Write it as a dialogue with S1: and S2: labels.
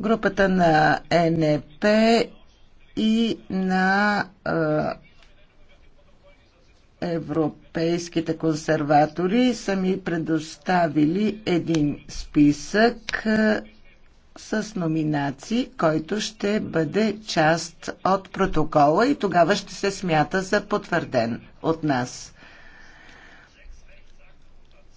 S1: групата на НП и на европейските консерватори са ми предоставили един списък с номинации, който ще бъде част от протокола и тогава ще се смята за потвърден от нас.